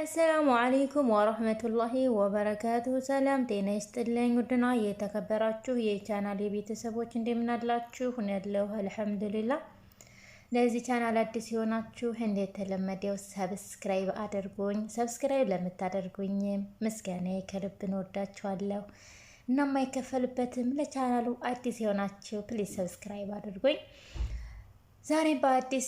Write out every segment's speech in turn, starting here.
አሰላሙ አሌይኩም ወረህመቱላሂ ወበረካቱሁ። ሰላም ጤና ይስጥልኝ። ውድና የተከበራችሁ የቻናል የቤተሰቦች እንደምናላችሁ ነለሁ አልሐምዱሊላ። ለዚህ ቻናል አዲስ የሆናችሁ እንደተለመደው ሰብስክራይብ አድርጉኝ። ሰብስክራይብ ለምታደርጉኝ ምስጋና ከልብ እንወዳችኋለሁ እና የማይከፈልበትም ለቻናሉ አዲስ የሆናችሁ ፕሊዝ ሰብስክራይብ አድርጉኝ። ዛሬ በአዲስ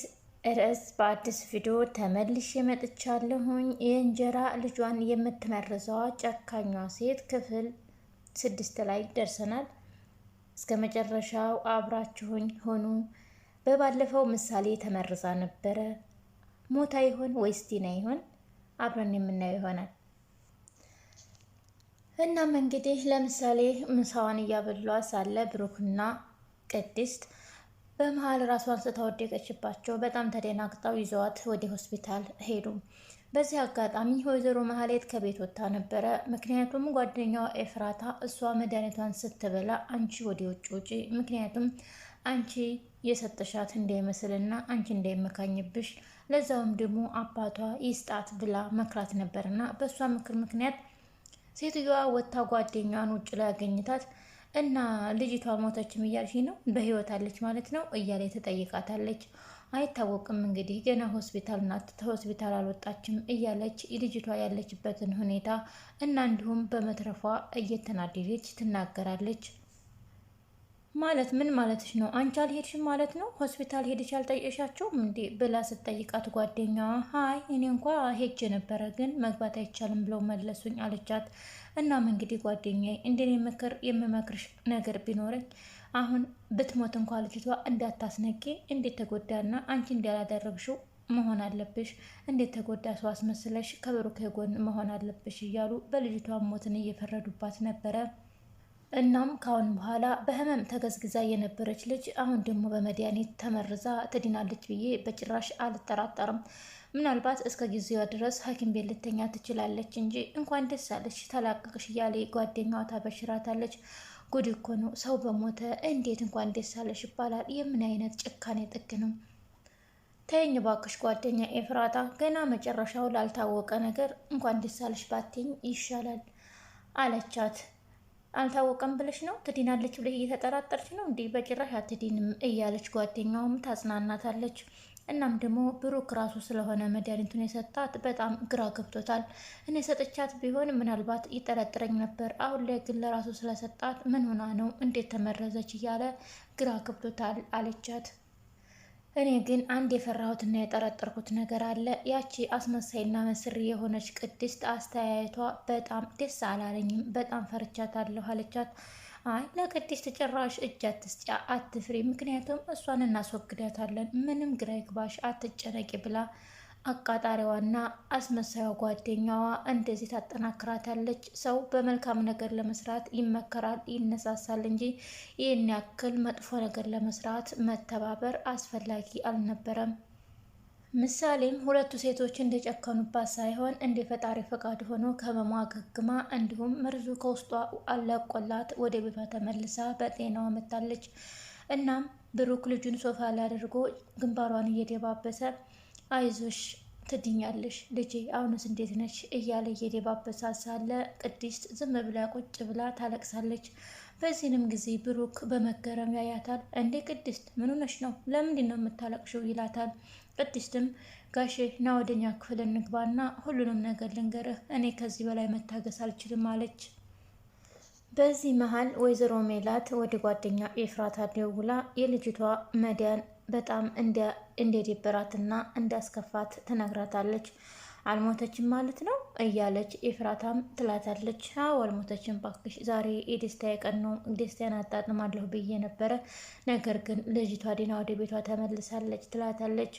ርዕስ በአዲስ ቪዲዮ ተመልሼ መጥቻለሁኝ። የእንጀራ ልጇን የምትመርዘዋ ጨካኟ ሴት ክፍል ስድስት ላይ ደርሰናል። እስከ መጨረሻው አብራችሁኝ ሆኑ። በባለፈው ምሳሌ ተመርዛ ነበረ። ሞታ ይሆን ወይስ ዲና ይሆን? አብረን የምናየው ይሆናል። እናም እንግዲህ ለምሳሌ ምሳዋን እያበሏ ሳለ ብሩክና ቅድስት በመሀል ራሷን ስታወደቀችባቸው በጣም ተደናግጠው ይዘዋት ወደ ሆስፒታል ሄዱ። በዚህ አጋጣሚ ወይዘሮ መሀሌት ከቤት ወጥታ ነበረ። ምክንያቱም ጓደኛዋ ኤፍራታ እሷ መድኃኒቷን ስትበላ አንቺ ወደ ውጭ ውጪ፣ ምክንያቱም አንቺ የሰጠሻት እንዳይመስልና አንቺ እንዳይመካኝብሽ፣ ለዛውም ደግሞ አባቷ ይስጣት ብላ መክራት ነበርና በእሷ ምክር ምክንያት ሴትዮዋ ወጥታ ጓደኛዋን ውጭ ላይ ያገኝታት እና ልጅቷ ሞተችም እያልሽ ነው? በህይወት አለች ማለት ነው እያለ ትጠይቃታለች። አይታወቅም እንግዲህ ገና ሆስፒታል ናት፣ ሆስፒታል አልወጣችም እያለች ልጅቷ ያለችበትን ሁኔታ እና እንዲሁም በመትረፏ እየተናደደች ትናገራለች። ማለት ምን ማለትሽ ነው? አንቺ አልሄድሽም ማለት ነው? ሆስፒታል ሄድሽ አልጠየሻቸውም እንዴ? ብላ ስትጠይቃት ጓደኛዋ ሀይ እኔ እንኳ ሄጄ ነበረ ግን መግባት አይቻልም ብለው መለሱኝ አለቻት። እናም እንግዲህ ጓደኛዬ እንደኔ ምክር የምመክርሽ ነገር ቢኖረኝ አሁን ብትሞት እንኳ ልጅቷ እንዳታስነቂ እንዴት ተጎዳና አንቺ እንዳላደረግሽው መሆን አለብሽ። እንዴት ተጎዳ ሰው አስመስለሽ ከብሩክ ጎን መሆን አለብሽ እያሉ በልጅቷ ሞትን እየፈረዱባት ነበረ። እናም ካሁን በኋላ በህመም ተገዝግዛ የነበረች ልጅ አሁን ደግሞ በመድኃኒት ተመርዛ ትድናለች ብዬ በጭራሽ አልጠራጠርም። ምናልባት እስከ ጊዜዋ ድረስ ሐኪም ቤት ልተኛ ትችላለች እንጂ እንኳን ደስ አለች ተላቀቅሽ እያለ ጓደኛዋ ታበሽራታለች። ጉድ እኮ ነው ሰው በሞተ እንዴት እንኳን ደስ አለሽ ይባላል? የምን አይነት ጭካኔ ጥግ ነው? ተይኝ ባክሽ ጓደኛ ኤፍራታ፣ ገና መጨረሻው ላልታወቀ ነገር እንኳን ደስ አለሽ ባትይኝ ይሻላል አለቻት። አልታወቀም ብለሽ ነው ትድናለች ብለሽ እየተጠራጠርች ነው እንዲህ በጭራሽ አትድንም እያለች ጓደኛውም ታጽናናታለች። እናም ደግሞ ብሩክ ራሱ ስለሆነ መድኃኒቱን የሰጣት በጣም ግራ ገብቶታል። እኔ ሰጥቻት ቢሆን ምናልባት ይጠረጥረኝ ነበር። አሁን ላይ ግን ለራሱ ስለሰጣት ምን ሆና ነው እንዴት ተመረዘች እያለ ግራ ገብቶታል አለቻት። እኔ ግን አንድ የፈራሁትና የጠረጠርኩት ነገር አለ። ያቺ አስመሳይና መስሪ የሆነች ቅድስት አስተያየቷ በጣም ደስ አላለኝም። በጣም ፈርቻታለሁ አለቻት። አይ ለቅድስት ጭራሽ እጅ አትስጫ፣ አትፍሪ፣ ምክንያቱም እሷን እናስወግዳታለን። ምንም ግራ ይግባሽ፣ አትጨነቂ ብላ አቃጣሪዋና አስመሳዩ ጓደኛዋ እንደዚህ ታጠናክራታለች። ሰው በመልካም ነገር ለመስራት ይመከራል፣ ይነሳሳል እንጂ ይህን ያክል መጥፎ ነገር ለመስራት መተባበር አስፈላጊ አልነበረም። ምሳሌም ሁለቱ ሴቶች እንደጨከኑባት ሳይሆን እንደ ፈጣሪ ፈቃድ ሆኖ ከህመሟ አገግማ እንዲሁም መርዙ ከውስጧ አለቆላት ወደ ቤቷ ተመልሳ በጤናዋ መታለች። እናም ብሩክ ልጁን ሶፋ ላይ አድርጎ ግንባሯን እየደባበሰ አይዞሽ ትድኛለሽ ልጄ አሁንስ እንዴት ነች እያለ እየደባበሳ ሳለ ቅድስት ዝም ብላ ቁጭ ብላ ታለቅሳለች። በዚህንም ጊዜ ብሩክ በመገረም ያያታል። እንዴ ቅድስት ምን ሆነሽ ነው? ለምንድን ነው የምታለቅሽው? ይላታል። ቅድስትም ጋሼ ና ወደኛ ክፍል እንግባና ሁሉንም ነገር ልንገርህ፣ እኔ ከዚህ በላይ መታገስ አልችልም አለች። በዚህ መሀል ወይዘሮ ሜላት ወደ ጓደኛ ኤፍራታ ደውላ የልጅቷ መዳን በጣም እንደደበራትና እንዳስከፋት ትነግራታለች። አልሞተችም ማለት ነው እያለች ኤፍራታም ትላታለች። አዎ አልሞተችም ባክሽ፣ ዛሬ የደስታ ቀን ነው። ደስታዬን አጣጥማለሁ ብዬ ነበረ፣ ነገር ግን ልጅቷ ዲና ወደ ቤቷ ተመልሳለች ትላታለች።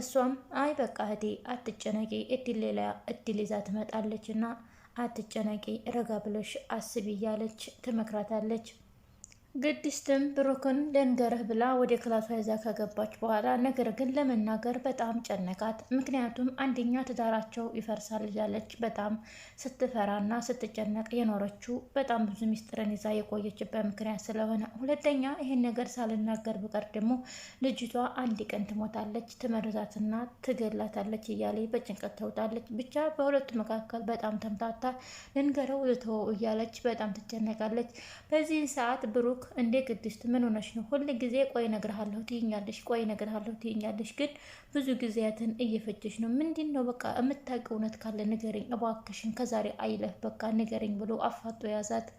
እሷም አይ በቃ እህቴ አትጨነቂ፣ እድል ሌላ እድል ይዛ ትመጣለች እና አትጨነቂ፣ ረጋ ብለሽ አስቢ እያለች ትመክራታለች። ቅድስትም ብሩክን ልንገርህ ብላ ወደ ክላሷ ይዛ ከገባች በኋላ ነገር ግን ለመናገር በጣም ጨነቃት። ምክንያቱም አንደኛ ትዳራቸው ይፈርሳል እያለች በጣም ስትፈራና ስትጨነቅ የኖረችው በጣም ብዙ ሚስጥርን ይዛ የቆየችበት ምክንያት ስለሆነ፣ ሁለተኛ ይህን ነገር ሳልናገር ብቀር ደግሞ ልጅቷ አንድ ቀን ትሞታለች፣ ትመርዛትና ትገላታለች እያለ በጭንቀት ተውጣለች። ብቻ በሁለቱ መካከል በጣም ተምታታ ልንገረው ልተወው እያለች በጣም ትጨነቃለች። በዚህን ሰዓት ብሩክ ብሩክ እንዴ ቅድስት ምን ሆነሽ ነው? ሁል ጊዜ ቆይ እነግርሃለሁ ትይኛለሽ፣ ቆይ እነግርሃለሁ ትይኛለሽ፣ ግን ብዙ ጊዜያትን እየፈጀሽ ነው። ምንድን ነው በቃ የምታውቅ እውነት ካለ ንገረኝ እባክሽን፣ ከዛሬ አይለፍ በቃ ንገረኝ ብሎ አፋጦ ያዛት።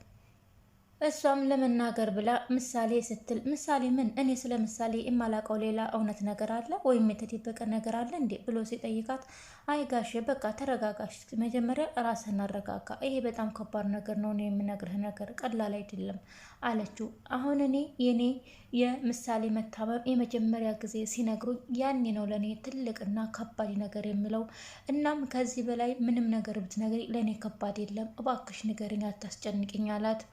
እሷም ለመናገር ብላ ምሳሌ ስትል ምሳሌ ምን እኔ ስለ ምሳሌ የማላውቀው ሌላ እውነት ነገር አለ ወይም የተደበቀ ነገር አለ እንዴ ብሎ ሲጠይቃት፣ አይ ጋሼ በቃ ተረጋጋሽ፣ መጀመሪያ ራስህን አረጋጋ። ይሄ በጣም ከባድ ነገር ነው የምነግርህ ነገር ቀላል አይደለም አለችው። አሁን እኔ የኔ የምሳሌ መታመም የመጀመሪያ ጊዜ ሲነግሩኝ ያኔ ነው ለእኔ ትልቅና ከባድ ነገር የምለው። እናም ከዚህ በላይ ምንም ነገር ብትነግሪ ለእኔ ከባድ የለም። እባክሽ ንገሪኝ፣ አታስጨንቅኝ አላት።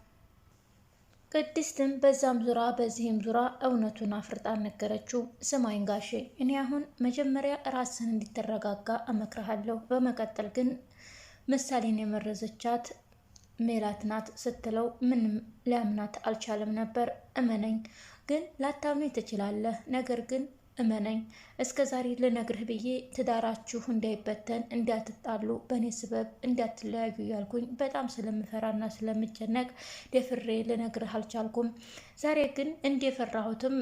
ቅድስትም በዛም ዙራ በዚህም ዙራ እውነቱን አፍርጣ ነገረችው። ስማኝ ጋሼ፣ እኔ አሁን መጀመሪያ ራስን እንዲተረጋጋ እመክርሃለሁ። በመቀጠል ግን ምሳሌን የመረዘቻት ሜላት ናት ስትለው ምንም ሊያምናት አልቻለም ነበር። እመነኝ፣ ግን ላታምኝ ትችላለህ። ነገር ግን እመነኝ፣ እስከ ዛሬ ልነግርህ ብዬ ትዳራችሁ እንዳይበተን እንዳትጣሉ፣ በእኔ ስበብ እንዳትለያዩ እያልኩኝ በጣም ስለምፈራና ስለምጨነቅ ደፍሬ ልነግርህ አልቻልኩም። ዛሬ ግን እንደፈራሁትም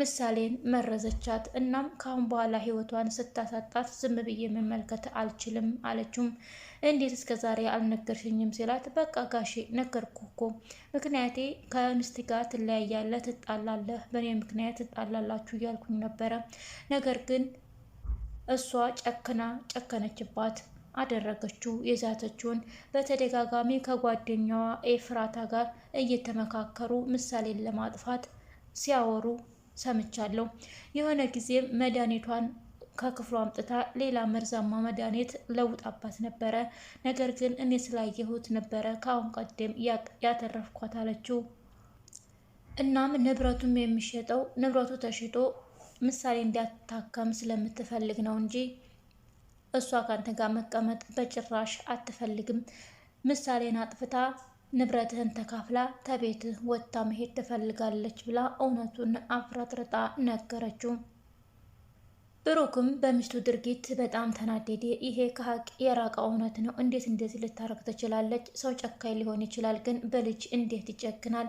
ምሳሌን መረዘቻት። እናም ካሁን በኋላ ህይወቷን ስታሳጣት ዝም ብዬ መመልከት አልችልም አለችውም። እንዴት እስከ ዛሬ አልነገርሽኝም ሲላት፣ በቃ ጋሼ ነገርኩ እኮ ምክንያቴ ከሚስት ጋር ትለያያለህ፣ ትጣላለህ፣ በእኔ ምክንያት ትጣላላችሁ እያልኩኝ ነበረ። ነገር ግን እሷ ጨክና ጨከነችባት፣ አደረገችው የዛተችውን። በተደጋጋሚ ከጓደኛዋ ኤፍራታ ጋር እየተመካከሩ ምሳሌን ለማጥፋት ሲያወሩ ሰምቻለሁ። የሆነ ጊዜ መድኃኒቷን ከክፍሉ አምጥታ ሌላ መርዛማ መድኃኒት ለውጣባት ነበረ። ነገር ግን እኔ ስላየሁት ነበረ ከአሁን ቀደም ያተረፍኳት አለችው። እናም ንብረቱም የሚሸጠው ንብረቱ ተሽጦ ምሳሌ እንዲያታከም ስለምትፈልግ ነው እንጂ እሷ ካንተ ጋር መቀመጥ በጭራሽ አትፈልግም። ምሳሌን አጥፍታ ንብረትህን ተካፍላ ከቤት ወጥታ መሄድ ትፈልጋለች ብላ እውነቱን አፍረጥርጣ ነገረችው። ብሩክም በሚስቱ ድርጊት በጣም ተናደደ። ይሄ ከሀቅ የራቀ እውነት ነው። እንዴት እንደዚህ ልታረግ ትችላለች? ሰው ጨካኝ ሊሆን ይችላል፣ ግን በልጅ እንዴት ይጨክናል?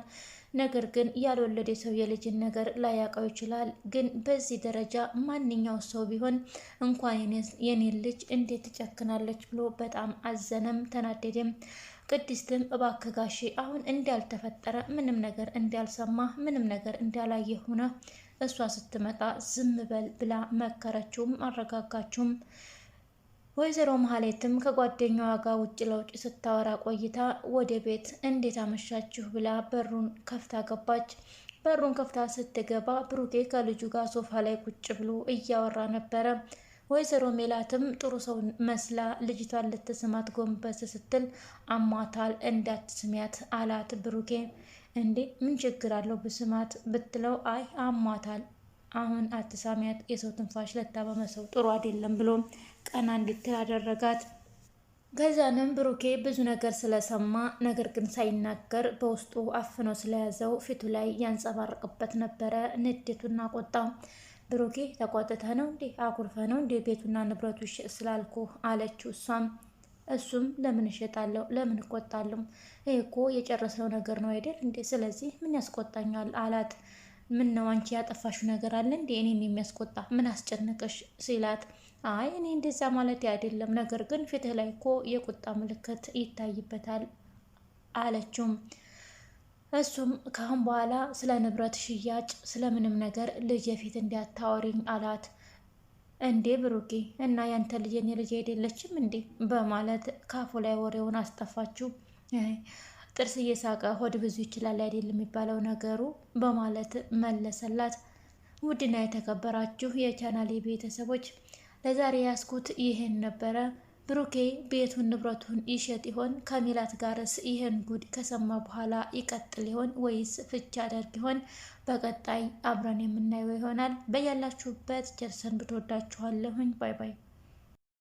ነገር ግን ያልወለደ ሰው የልጅን ነገር ላያውቀው ይችላል። ግን በዚህ ደረጃ ማንኛው ሰው ቢሆን እንኳን የኔን ልጅ እንዴት ትጨክናለች ብሎ በጣም አዘነም ተናደደም። ቅድስትም እባክህ ጋሼ አሁን እንዳልተፈጠረ ምንም ነገር እንዳልሰማ ምንም ነገር እንዳላየ ሆነ እሷ ስትመጣ ዝም በል ብላ መከረችውም አረጋጋችውም። ወይዘሮ መሀሌትም ከጓደኛዋ ጋር ውጭ ለውጭ ስታወራ ቆይታ ወደ ቤት እንዴት አመሻችሁ ብላ በሩን ከፍታ ገባች። በሩን ከፍታ ስትገባ ብሩኬ ከልጁ ጋር ሶፋ ላይ ቁጭ ብሎ እያወራ ነበረ። ወይዘሮ ሜላትም ጥሩ ሰው መስላ ልጅቷን ልትስማት ጎንበስ ስትል አሟታል፣ እንዳትስሚያት አላት ብሩኬ። እንዴ ምን ችግር አለው ብስማት ብትለው፣ አይ አሟታል፣ አሁን አትሳሚያት፣ የሰው ትንፋሽ ለታመመ ሰው ጥሩ አይደለም ብሎ ቀና እንድትል አደረጋት። ከዛንም ብሩኬ ብዙ ነገር ስለሰማ ነገር ግን ሳይናገር በውስጡ አፍኖ ስለያዘው ፊቱ ላይ ያንጸባርቅበት ነበረ ንዴቱና ቁጣው። ብሩኬ ተቆጥተ ነው እንዴ አኩርፈ ነው እንዴ ቤቱና ንብረቱ ስላልኩ አለችው። እሷም እሱም ለምን እሸጣለሁ ለምን እቆጣለሁ? ይሄ እኮ የጨረሰው ነገር ነው አይደል እንዴ? ስለዚህ ምን ያስቆጣኛል አላት። ምን ነው አንቺ ያጠፋሹ ነገር አለ እንዴ እኔን የሚያስቆጣ ምን አስጨነቀሽ? ሲላት አይ እኔ እንደዛ ማለት አይደለም፣ ነገር ግን ፊትህ ላይ እኮ የቁጣ ምልክት ይታይበታል አለችውም። እሱም ካሁን በኋላ ስለ ንብረት ሽያጭ ስለምንም ነገር ልጅ የፊት እንዲያታወሪኝ አላት። እንዴ ብሩኬ እና ያንተ ልጅ የኔ ልጅ አይደለችም እንዴ በማለት ካፉ ላይ ወሬውን አስጠፋችው። ጥርስ እየሳቀ ሆድ ብዙ ይችላል አይደል የሚባለው ነገሩ በማለት መለሰላት። ውድና የተከበራችሁ የቻናሌ ቤተሰቦች ለዛሬ ያስኩት ይህን ነበረ። ብሩኬ ቤቱን ንብረቱን ይሸጥ ይሆን? ከሚላት ጋርስ ይህን ጉድ ከሰማ በኋላ ይቀጥል ይሆን ወይስ ፍቻ ያደርግ ይሆን? በቀጣይ አብረን የምናየው ይሆናል። በያላችሁበት ጀርሰን ብትወዳችኋለሁኝ። ባይ ባይ